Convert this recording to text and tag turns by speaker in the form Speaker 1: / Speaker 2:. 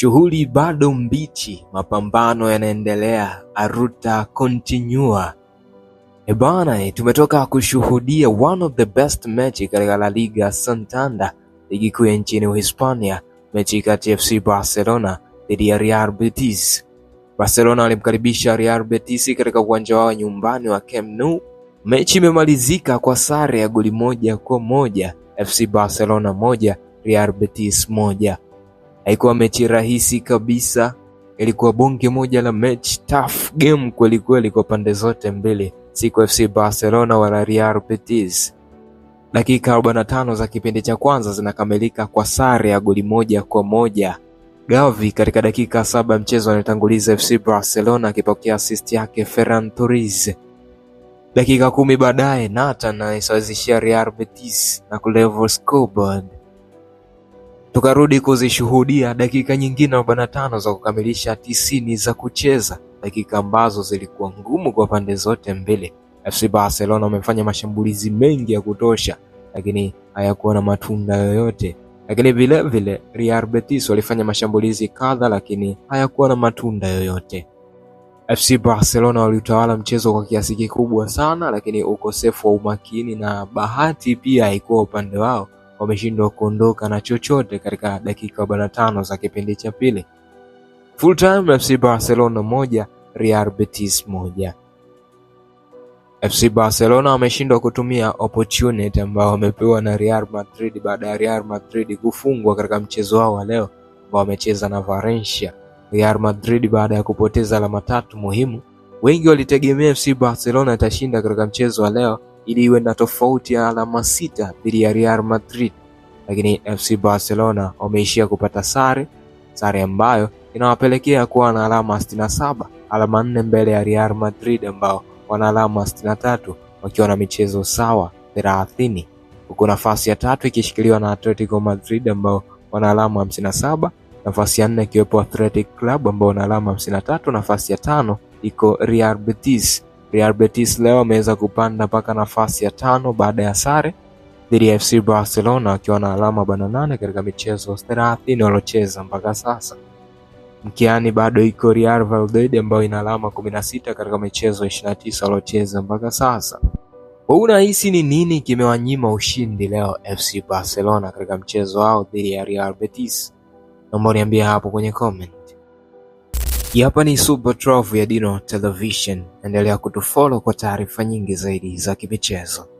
Speaker 1: Shughuli bado mbichi, mapambano yanaendelea, aruta continua. E bana, e, tumetoka kushuhudia one of the best mechi katika La Liga Santander, ligi kuu ya nchini Uhispania, mechi kati ya FC Barcelona dhidi ya Real Betis. Barcelona walimkaribisha Real Betis katika uwanja wao nyumbani wa Camp Nou. Mechi imemalizika kwa sare ya goli moja kwa moja, FC Barcelona moja Real Betis moja haikuwa mechi rahisi kabisa, ilikuwa bonge moja la mechi, tough game kweli kweli kwa pande zote mbili, si kwa FC Barcelona wala Real Betis. Dakika 45 za kipindi cha kwanza zinakamilika kwa sare ya goli moja kwa moja. Gavi katika dakika saba ya mchezo anatanguliza FC Barcelona akipokea assist yake Ferran Torres. Dakika kumi baadaye Nathan anaisawazishia Real Betis na kulevel scoreboard tukarudi kuzishuhudia dakika nyingine 45 tano za kukamilisha tisini za kucheza, dakika ambazo zilikuwa ngumu kwa pande zote mbili. FC Barcelona wamefanya mashambulizi mengi ya kutosha, lakini hayakuwa na matunda yoyote. Lakini vilevile Real Betis walifanya mashambulizi kadha, lakini hayakuwa na matunda yoyote. FC Barcelona waliutawala mchezo kwa kiasi kikubwa sana, lakini ukosefu wa umakini na bahati pia haikuwa upande wao wameshindwa kuondoka na chochote katika dakika 45 za kipindi cha pili. Full time FC Barcelona moja, Real Betis moja. FC Barcelona wameshindwa kutumia opportunity ambao wamepewa na Real Madrid baada ya Real Madrid kufungwa katika mchezo wao wa leo ambao wamecheza na Valencia. Real Madrid baada ya kupoteza alama tatu muhimu, wengi walitegemea FC Barcelona itashinda katika mchezo wa leo, ili iwe na tofauti ya alama sita dhidi ya Real Madrid, lakini FC Barcelona wameishia kupata sare, sare ambayo inawapelekea kuwa na alama 67, alama nne mbele ya Real Madrid ambao wana alama 63 wakiwa na michezo sawa 30, huku nafasi ya tatu ikishikiliwa na Atletico Madrid ambao wana alama 57, nafasi ya nne ikiwepo Athletic Club ambao wana alama 53, nafasi ya tano iko Real Betis Real Betis leo ameweza kupanda mpaka nafasi ya tano baada ya sare dhidi ya FC Barcelona akiwa na alama 48 katika michezo 30 waliocheza mpaka sasa. Mkiani bado iko Real Valladolid ambayo ina alama 16 katika michezo 29 waliocheza mpaka sasa. Wewe unahisi ni nini kimewanyima ushindi leo FC Barcelona katika mchezo wao dhidi ya Real Betis? Naomba niambie hapo kwenye comment. Hii hapa ni Super 12 ya Dino Television, endelea kutufollow kwa taarifa nyingi zaidi za kimichezo.